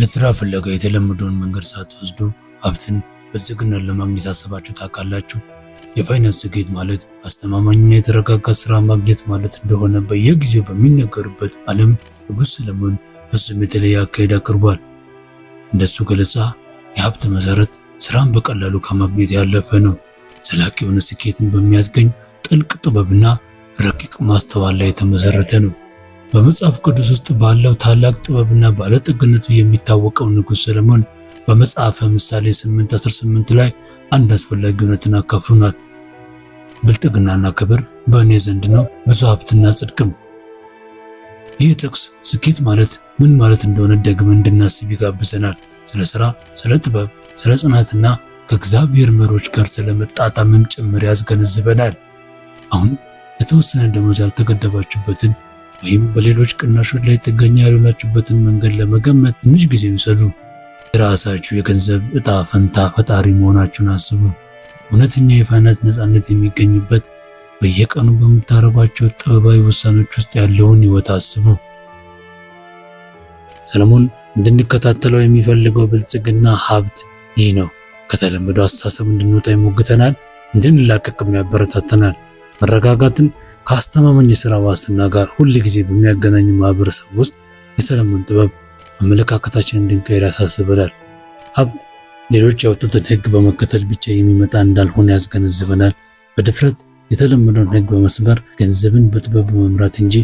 ለስራ ፍለጋ የተለመደውን መንገድ ሳትወስዱ ሀብትን በዝግነት ለማግኘት አስባችሁ ታውቃላችሁ? የፋይናንስ ስኬት ማለት አስተማማኝና የተረጋጋ ስራ ማግኘት ማለት እንደሆነ በየጊዜው በሚነገርበት ዓለም ንጉሥ ሰለሞን ፍጹም የተለየ አካሄድ አቅርቧል። እንደሱ ገለጻ የሀብት መሰረት ስራን በቀላሉ ከማግኘት ያለፈ ነው። ዘላቂ የሆነ ስኬትን በሚያስገኝ ጥልቅ ጥበብና ረቂቅ ማስተዋል ላይ የተመሰረተ ነው። በመጽሐፍ ቅዱስ ውስጥ ባለው ታላቅ ጥበብና ባለጠግነቱ የሚታወቀው ንጉሥ ሰለሞን በመጽሐፈ ምሳሌ 8:18 ላይ አንድ አስፈላጊ እውነትን አካፍሉናል። ብልጥግናና ክብር በእኔ ዘንድ ነው፣ ብዙ ሀብትና ጽድቅም። ይህ ጥቅስ ስኬት ማለት ምን ማለት እንደሆነ ደግመን እንድናስብ ይጋብዘናል። ስለ ሥራ፣ ስለ ጥበብ፣ ስለ ጽናትና ከእግዚአብሔር መሮች ጋር ስለ መጣጣምም ጭምር ያስገነዝበናል። አሁን የተወሰነ ደሞዝ ያልተገደባችሁበትን ወይም በሌሎች ቅናሾች ላይ ጥገኛ ያልሆናችሁበትን መንገድ ለመገመት ትንሽ ጊዜ ይውሰዱ። የራሳችሁ የገንዘብ እጣ ፈንታ ፈጣሪ መሆናችሁን አስቡ። እውነተኛ የፋይናንስ ነፃነት የሚገኝበት በየቀኑ በምታደርጓቸው ጥበባዊ ውሳኔዎች ውስጥ ያለውን ህይወት አስቡ። ሰለሞን እንድንከታተለው የሚፈልገው ብልጽግና ሀብት ይህ ነው። ከተለመደው አስተሳሰብ እንድንወጣ ይሞግተናል፣ እንድንላቀቅም ያበረታተናል። መረጋጋትን ከአስተማማኝ የስራ ዋስትና ጋር ሁል ጊዜ በሚያገናኙ ማህበረሰብ ውስጥ የሰለሞን ጥበብ አመለካከታችን እንድንቀይር ያሳስበናል። ሀብት ሌሎች ያወጡትን ህግ በመከተል ብቻ የሚመጣ እንዳልሆነ ያስገነዝበናል። በድፍረት የተለመደውን ህግ በመስበር ገንዘብን በጥበብ መምራት እንጂ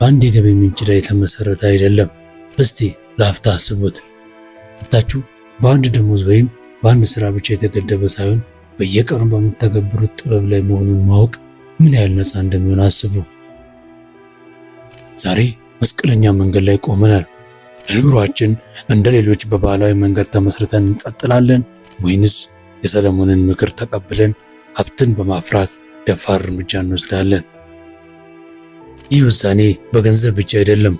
በአንድ የገቢ ምንጭ ላይ የተመሰረተ አይደለም። እስቲ ለአፍታ አስቡት። ሀብታችሁ በአንድ ደሞዝ ወይም በአንድ ስራ ብቻ የተገደበ ሳይሆን በየቀኑ በምታገብሩት ጥበብ ላይ መሆኑን ማወቅ ምን ያህል ነፃ እንደሚሆን አስቡ። ዛሬ መስቀለኛ መንገድ ላይ ቆመናል። ለኑሯችን እንደ ሌሎች በባህላዊ መንገድ ተመስርተን እንቀጥላለን ወይንስ የሰለሞንን ምክር ተቀብለን ሀብትን በማፍራት ደፋር እርምጃ እንወስዳለን? ይህ ውሳኔ በገንዘብ ብቻ አይደለም፣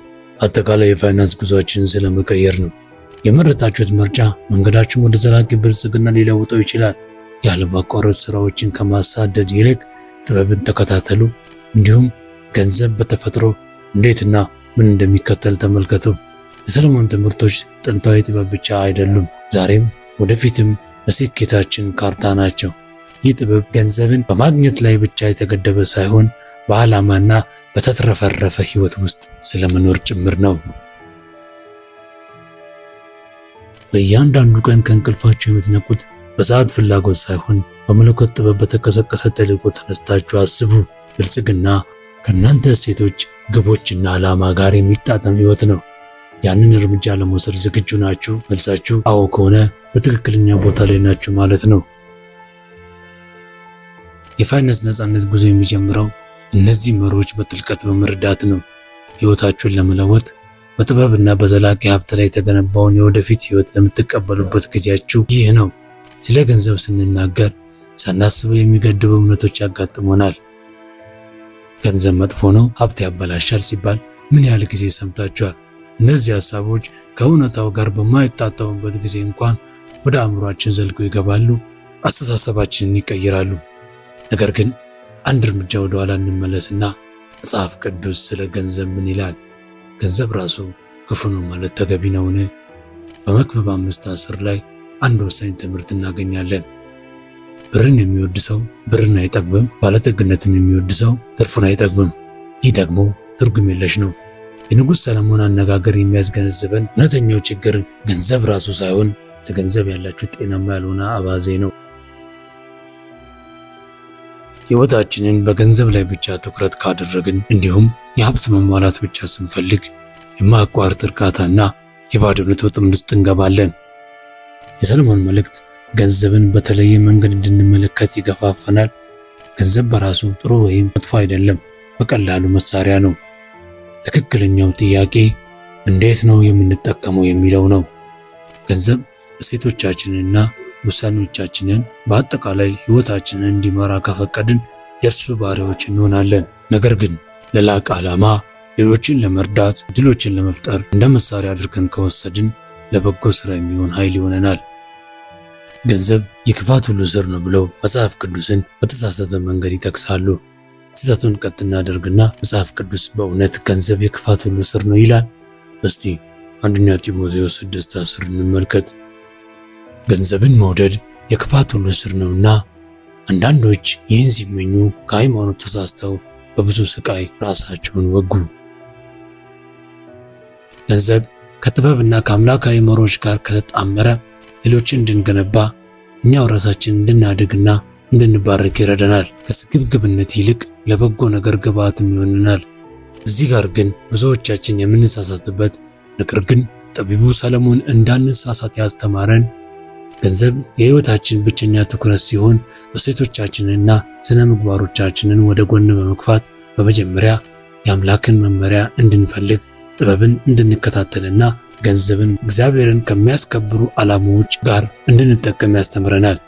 አጠቃላይ የፋይናንስ ጉዟችንን ስለመቀየር ነው። የመረጣችሁት ምርጫ መንገዳችሁን ወደ ዘላቂ ብልጽግና ሊለውጠው ይችላል። ያለማቋረጥ ስራዎችን ከማሳደድ ይልቅ ጥበብን ተከታተሉ። እንዲሁም ገንዘብ በተፈጥሮ እንዴትና ምን እንደሚከተል ተመልከቱ። የሰለሞን ትምህርቶች ጥንታዊ ጥበብ ብቻ አይደሉም፣ ዛሬም ወደፊትም በስኬታችን ካርታ ናቸው። ይህ ጥበብ ገንዘብን በማግኘት ላይ ብቻ የተገደበ ሳይሆን በዓላማና በተትረፈረፈ ሕይወት ውስጥ ስለመኖር ጭምር ነው። በእያንዳንዱ ቀን ከእንቅልፋቸው የምትነቁት በሰዓት ፍላጎት ሳይሆን በመለኮት ጥበብ በተቀሰቀሰ ተልቆ ተነስታችሁ አስቡ። ብልጽግና ከእናንተ እሴቶች፣ ግቦችና ዓላማ ጋር የሚጣጠም ህይወት ነው። ያንን እርምጃ ለመውሰድ ዝግጁ ናችሁ? መልሳችሁ አዎ ከሆነ በትክክለኛ ቦታ ላይ ናችሁ ማለት ነው። የፋይናንስ ነፃነት ጉዞ የሚጀምረው እነዚህ መሪዎች በጥልቀት በመረዳት ነው። ህይወታችሁን ለመለወጥ በጥበብና በዘላቂ ሀብት ላይ የተገነባውን የወደፊት ህይወት ለምትቀበሉበት ጊዜያችሁ ይህ ነው። ስለ ገንዘብ ስንናገር ሳናስበው የሚገድቡ እምነቶች ያጋጥሙናል። ገንዘብ መጥፎ ነው፣ ሀብት ያበላሻል ሲባል ምን ያህል ጊዜ ሰምታችኋል? እነዚህ ሀሳቦች ከእውነታው ጋር በማይጣጣሙበት ጊዜ እንኳን ወደ አእምሯችን ዘልቀው ይገባሉ፣ አስተሳሰባችንን ይቀይራሉ። ነገር ግን አንድ እርምጃ ወደ ኋላ እንመለስና መጽሐፍ ቅዱስ ስለ ገንዘብ ምን ይላል? ገንዘብ ራሱ ክፉ ነው ማለት ተገቢ ነውን? በመክብብ አምስት አስር ላይ አንድ ወሳኝ ትምህርት እናገኛለን። ብርን የሚወድ ሰው ብርን አይጠግብም፣ ባለጠግነትን የሚወድ ሰው ትርፉን አይጠግብም። ይህ ደግሞ ትርጉም የለሽ ነው። የንጉሥ ሰለሞን አነጋገር የሚያስገነዝበን እውነተኛው ችግር ገንዘብ ራሱ ሳይሆን ለገንዘብ ያላችሁ ጤናማ ያልሆነ አባዜ ነው። ሕይወታችንን በገንዘብ ላይ ብቻ ትኩረት ካደረግን እንዲሁም የሀብት መሟላት ብቻ ስንፈልግ የማያቋርጥ እርካታና የባዶነት ወጥመድ ውስጥ እንገባለን። የሰለሞን መልእክት ገንዘብን በተለየ መንገድ እንድንመለከት ይገፋፈናል። ገንዘብ በራሱ ጥሩ ወይም መጥፎ አይደለም፣ በቀላሉ መሳሪያ ነው። ትክክለኛው ጥያቄ እንዴት ነው የምንጠቀመው የሚለው ነው። ገንዘብ እሴቶቻችንንና ውሳኔዎቻችንን በአጠቃላይ ሕይወታችንን እንዲመራ ከፈቀድን የእርሱ ባሪያዎች እንሆናለን። ነገር ግን ለላቅ ዓላማ ሌሎችን ለመርዳት ድሎችን ለመፍጠር እንደ መሳሪያ አድርገን ከወሰድን ለበጎ ስራ የሚሆን ኃይል ይሆነናል። ገንዘብ የክፋት ሁሉ ስር ነው ብለው መጽሐፍ ቅዱስን በተሳሳተ መንገድ ይጠቅሳሉ። ስህተቱን ቀጥ እናደርግና መጽሐፍ ቅዱስ በእውነት ገንዘብ የክፋት ሁሉ ስር ነው ይላል? እስቲ አንደኛ ጢሞቴዎስ ስር እንመልከት። ገንዘብን መውደድ የክፋት ሁሉ ስር ነውና አንዳንዶች ይህን ሲመኙ ከሃይማኖት ተሳስተው በብዙ ስቃይ ራሳቸውን ወጉ። ገንዘብ ከጥበብና ከአምላካዊ መሮች ጋር ከተጣመረ ሌሎችን እንድንገነባ እኛው ራሳችን እንድናድግና እንድንባረክ ይረዳናል። ከስግብግብነት ይልቅ ለበጎ ነገር ግብአትም ይሆንናል። እዚህ ጋር ግን ብዙዎቻችን የምንሳሳትበት ነገር ግን ጠቢቡ ሰለሞን እንዳንሳሳት ያስተማረን ገንዘብ የሕይወታችን ብቸኛ ትኩረት ሲሆን እሴቶቻችንንና ስነ ምግባሮቻችንን ወደ ጎን በመግፋት በመጀመሪያ የአምላክን መመሪያ እንድንፈልግ ጥበብን እንድንከታተልና ገንዘብን እግዚአብሔርን ከሚያስከብሩ ዓላማዎች ጋር እንድንጠቀም ያስተምረናል።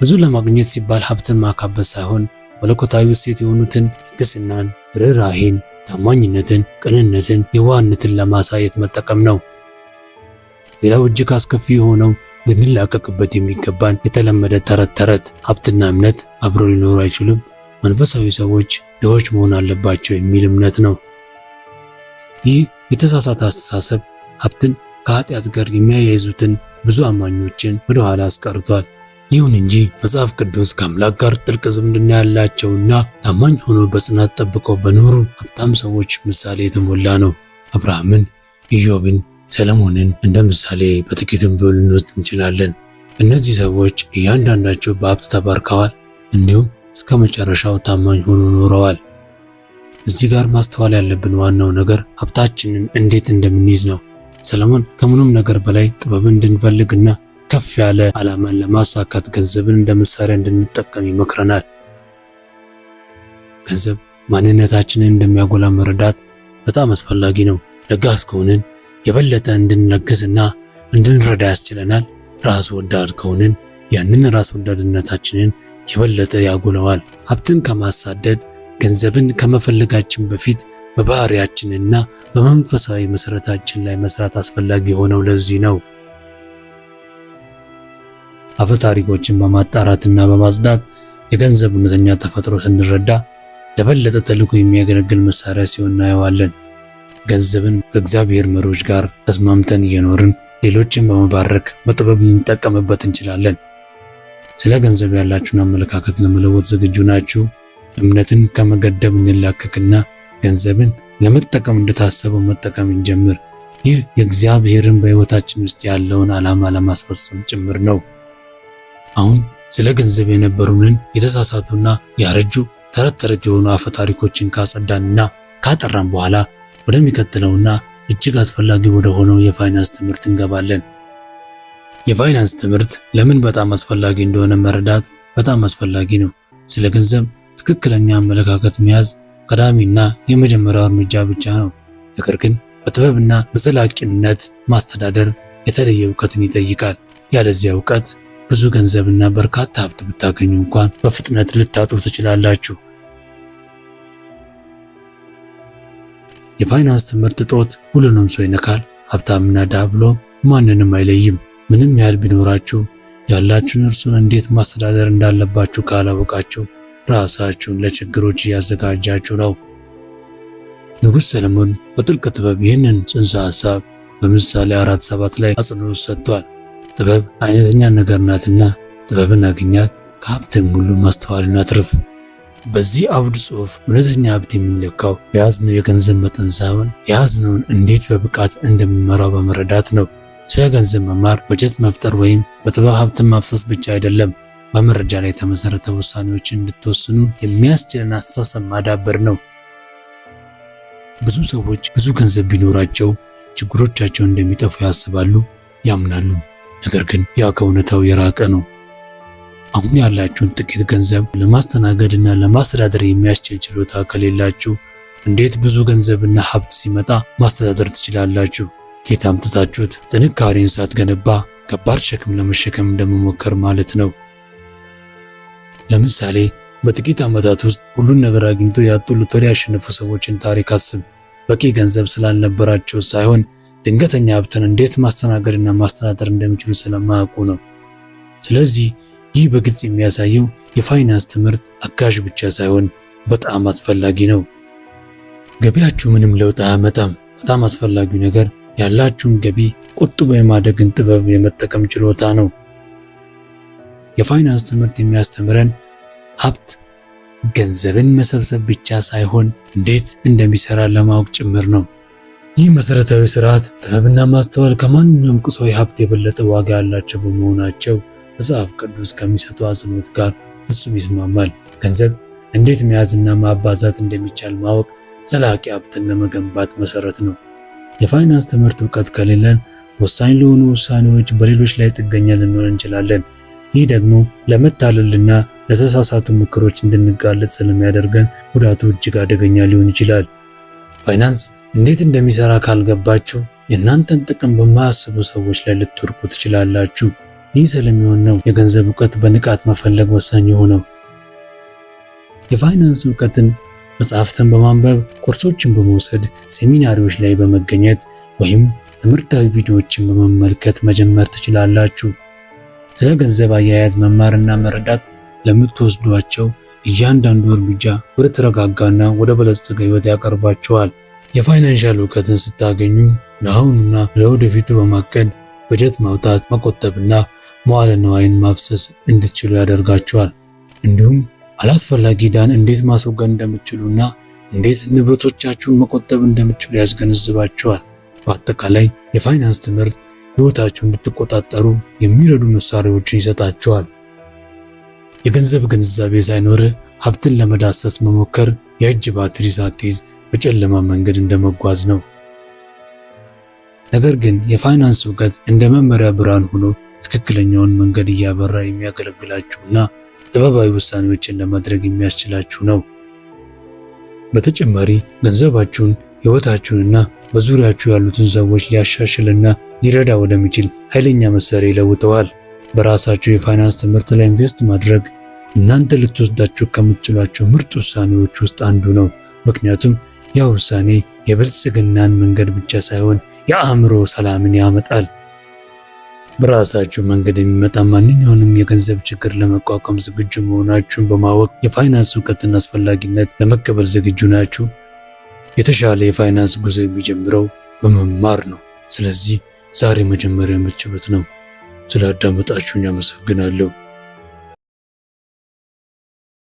ብዙ ለማግኘት ሲባል ሀብትን ማካበት ሳይሆን መለኮታዊ እሴት የሆኑትን ግስናን፣ ርኅራሄን፣ ታማኝነትን፣ ቅንነትን፣ የዋህነትን ለማሳየት መጠቀም ነው። ሌላው እጅግ አስከፊ የሆነው ልንላቀቅበት የሚገባን የተለመደ ተረት ተረት ሀብትና እምነት አብረው ሊኖሩ አይችሉም፣ መንፈሳዊ ሰዎች ድሆች መሆን አለባቸው የሚል እምነት ነው። ይህ የተሳሳተ አስተሳሰብ ሀብትን ከኃጢአት ጋር የሚያያይዙትን ብዙ አማኞችን ወደ ኋላ አስቀርቷል። ይሁን እንጂ መጽሐፍ ቅዱስ ከአምላክ ጋር ጥልቅ ዝምድና ያላቸውና ታማኝ ሆኖ በጽናት ጠብቀው በኖሩ ሀብታም ሰዎች ምሳሌ የተሞላ ነው። አብርሃምን፣ ኢዮብን፣ ሰለሞንን እንደ ምሳሌ በጥቂትም ቢሆን ልንወስድ እንችላለን። እነዚህ ሰዎች እያንዳንዳቸው በሀብት ተባርከዋል፣ እንዲሁም እስከ መጨረሻው ታማኝ ሆኖ ኖረዋል። እዚህ ጋር ማስተዋል ያለብን ዋናው ነገር ሀብታችንን እንዴት እንደምንይዝ ነው። ሰለሞን ከምንም ነገር በላይ ጥበብን እንድንፈልግና ከፍ ያለ ዓላማን ለማሳካት ገንዘብን እንደ መሳሪያ እንድንጠቀም ይመክረናል። ገንዘብ ማንነታችንን እንደሚያጎላ መረዳት በጣም አስፈላጊ ነው። ለጋስ ከሆንን የበለጠ እንድንለግስና እንድንረዳ ያስችለናል። ራስ ወዳድ ከሆንን ያንን ራስ ወዳድነታችንን የበለጠ ያጎለዋል። ሀብትን ከማሳደድ ገንዘብን ከመፈለጋችን በፊት በባህሪያችንና በመንፈሳዊ መሰረታችን ላይ መስራት አስፈላጊ የሆነው ለዚህ ነው። አፈታሪኮችን በማጣራትና በማጽዳት የገንዘብ እውነተኛ ተፈጥሮ ስንረዳ ለበለጠ ተልዕኮ የሚያገለግል መሳሪያ ሲሆን እናየዋለን። ገንዘብን ከእግዚአብሔር መሪዎች ጋር ተስማምተን እየኖርን ሌሎችን በመባረክ በጥበብ ልንጠቀምበት እንችላለን። ስለ ገንዘብ ያላችሁን አመለካከት ለመለወጥ ዝግጁ ናችሁ? እምነትን ከመገደብ እንላቀቅና ገንዘብን ለመጠቀም እንደታሰበው መጠቀም እንጀምር። ይህ የእግዚአብሔርን በሕይወታችን ውስጥ ያለውን ዓላማ ለማስፈጸም ጭምር ነው። አሁን ስለ ገንዘብ የነበሩንን የተሳሳቱና ያረጁ ተረት ተረት የሆኑ አፈ ታሪኮችን ካጸዳንና ካጠራን በኋላ ወደሚቀጥለውና እጅግ አስፈላጊ ወደ ሆነው የፋይናንስ ትምህርት እንገባለን። የፋይናንስ ትምህርት ለምን በጣም አስፈላጊ እንደሆነ መረዳት በጣም አስፈላጊ ነው። ስለ ገንዘብ ትክክለኛ አመለካከት መያዝ ቀዳሚና የመጀመሪያው እርምጃ ብቻ ነው። ነገር ግን በጥበብና በዘላቂነት ማስተዳደር የተለየ እውቀትን ይጠይቃል። ያለዚያ እውቀት ብዙ ገንዘብና በርካታ ሀብት ብታገኙ እንኳን በፍጥነት ልታጡ ትችላላችሁ። የፋይናንስ ትምህርት እጦት ሁሉንም ሰው ይነካል። ሀብታምና ድሃ ብሎ ማንንም አይለይም። ምንም ያህል ቢኖራችሁ ያላችሁን እርሱን እንዴት ማስተዳደር እንዳለባችሁ ካላወቃችሁ ራሳችሁን ለችግሮች እያዘጋጃችሁ ነው። ንጉሥ ሰለሞን በጥልቅ ጥበብ ይህንን ጽንሰ ሐሳብ በምሳሌ አራት ሰባት ላይ አጽንኦት ሰጥቷል። ጥበብ አይነተኛ ነገር ናትና ጥበብን አግኛት፣ ከሀብትም ሁሉ ማስተዋልን አትርፍ። በዚህ አውድ ጽሑፍ እውነተኛ ሀብት የሚለካው የያዝነው የገንዘብ መጠን ሳይሆን የያዝነውን እንዴት በብቃት እንደሚመራው በመረዳት ነው። ስለ ገንዘብ መማር በጀት መፍጠር ወይም በጥበብ ሀብትን ማፍሰስ ብቻ አይደለም። በመረጃ ላይ የተመሰረተ ውሳኔዎች እንድትወስኑ የሚያስችለን አስተሳሰብ ማዳበር ነው። ብዙ ሰዎች ብዙ ገንዘብ ቢኖራቸው ችግሮቻቸውን እንደሚጠፉ ያስባሉ፣ ያምናሉ። ነገር ግን ያ ከእውነታው የራቀ ነው። አሁን ያላችሁን ጥቂት ገንዘብ ለማስተናገድና ለማስተዳደር የሚያስችል ችሎታ ከሌላችሁ እንዴት ብዙ ገንዘብና ሀብት ሲመጣ ማስተዳደር ትችላላችሁ? ከየት አምጥታችሁት? ጥንካሬን ሳትገነባ ከባድ ሸክም ለመሸከም እንደመሞከር ማለት ነው። ለምሳሌ በጥቂት ዓመታት ውስጥ ሁሉን ነገር አግኝቶ ያጡ ሎተሪ ያሸነፉ ሰዎችን ታሪክ አስብ። በቂ ገንዘብ ስላልነበራቸው ሳይሆን ድንገተኛ ሀብትን እንዴት ማስተናገድና ማስተዳደር እንደሚችሉ ስለማያውቁ ነው። ስለዚህ ይህ በግልጽ የሚያሳየው የፋይናንስ ትምህርት አጋዥ ብቻ ሳይሆን በጣም አስፈላጊ ነው። ገቢያችሁ ምንም ለውጥ አያመጣም። በጣም አስፈላጊው ነገር ያላችሁን ገቢ ቁጥብ የማደግን ጥበብ የመጠቀም ችሎታ ነው። የፋይናንስ ትምህርት የሚያስተምረን ሀብት ገንዘብን መሰብሰብ ብቻ ሳይሆን እንዴት እንደሚሰራ ለማወቅ ጭምር ነው። ይህ መሰረታዊ ስርዓት ጥበብና ማስተዋል ከማንኛውም ቁሳዊ ሀብት የበለጠ ዋጋ ያላቸው በመሆናቸው መጽሐፍ ቅዱስ ከሚሰጠው አጽንኦት ጋር ፍጹም ይስማማል። ገንዘብ እንዴት መያዝና ማባዛት እንደሚቻል ማወቅ ዘላቂ ሀብትን ለመገንባት መሰረት ነው። የፋይናንስ ትምህርት እውቀት ከሌለን ወሳኝ ለሆኑ ውሳኔዎች በሌሎች ላይ ጥገኛ ልንሆን እንችላለን። ይህ ደግሞ ለመታለልና ለተሳሳቱ ምክሮች እንድንጋለጥ ስለሚያደርገን ጉዳቱ እጅግ አደገኛ ሊሆን ይችላል። ፋይናንስ እንዴት እንደሚሰራ ካልገባችሁ የእናንተን ጥቅም በማያስቡ ሰዎች ላይ ልትወርቁ ትችላላችሁ። ይህ ስለሚሆን ነው የገንዘብ እውቀት በንቃት መፈለግ ወሳኝ የሆነው። የፋይናንስ እውቀትን መጽሐፍትን በማንበብ ኮርሶችን በመውሰድ ሴሚናሪዎች ላይ በመገኘት ወይም ትምህርታዊ ቪዲዮዎችን በመመልከት መጀመር ትችላላችሁ። ስለ ገንዘብ አያያዝ መማርና መረዳት ለምትወስዷቸው እያንዳንዱ እርምጃ ወደ ተረጋጋና ወደ በለጸገ ህይወት ያቀርባቸዋል። የፋይናንሻል እውቀትን ስታገኙ ለአሁኑና ለወደፊቱ በማቀድ በጀት ማውጣት፣ መቆጠብና መዋለ ንዋይን ማፍሰስ እንድትችሉ ያደርጋቸዋል። እንዲሁም አላስፈላጊ ዕዳን እንዴት ማስወገድ እንደምትችሉና እንዴት ንብረቶቻችሁን መቆጠብ እንደምትችሉ ያስገነዝባቸዋል። በአጠቃላይ የፋይናንስ ትምህርት ህይወታችሁን እንድትቆጣጠሩ የሚረዱ መሳሪያዎችን ይሰጣችኋል። የገንዘብ ግንዛቤ ሳይኖር ሀብትን ለመዳሰስ መሞከር የእጅ ባትሪ ሳትይዝ በጨለማ መንገድ እንደመጓዝ ነው። ነገር ግን የፋይናንስ እውቀት እንደ መመሪያ ብርሃን ሆኖ ትክክለኛውን መንገድ እያበራ የሚያገለግላችሁና ጥበባዊ ውሳኔዎችን ለማድረግ የሚያስችላችሁ ነው። በተጨማሪ ገንዘባችሁን ሕይወታችሁንና በዙሪያችሁ ያሉትን ሰዎች ሊያሻሽልና ሊረዳ ወደሚችል ኃይለኛ መሳሪያ ይለውጠዋል። በራሳችሁ የፋይናንስ ትምህርት ላይ ኢንቨስት ማድረግ እናንተ ልትወስዳችሁ ከምትችሏቸው ምርጥ ውሳኔዎች ውስጥ አንዱ ነው። ምክንያቱም ያ ውሳኔ የብልጽግናን መንገድ ብቻ ሳይሆን የአእምሮ ሰላምን ያመጣል። በራሳችሁ መንገድ የሚመጣ ማንኛውንም የገንዘብ ችግር ለመቋቋም ዝግጁ መሆናችሁን በማወቅ የፋይናንስ እውቀትን አስፈላጊነት ለመቀበል ዝግጁ ናችሁ። የተሻለ የፋይናንስ ጉዞ የሚጀምረው በመማር ነው። ስለዚህ ዛሬ መጀመሪያ የምትችሉት ነው። ስለ አዳመጣችሁኝ አመሰግናለሁ።